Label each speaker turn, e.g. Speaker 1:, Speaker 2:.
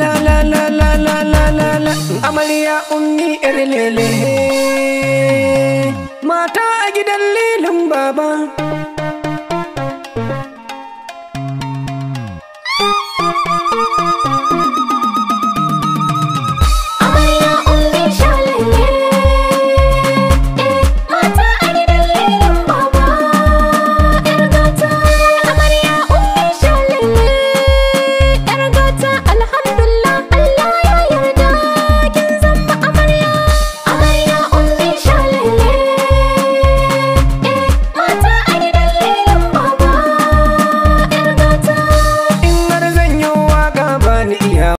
Speaker 1: la la la la la la la la amarya ummi yar mata a gidan lilin baba
Speaker 2: Thank you.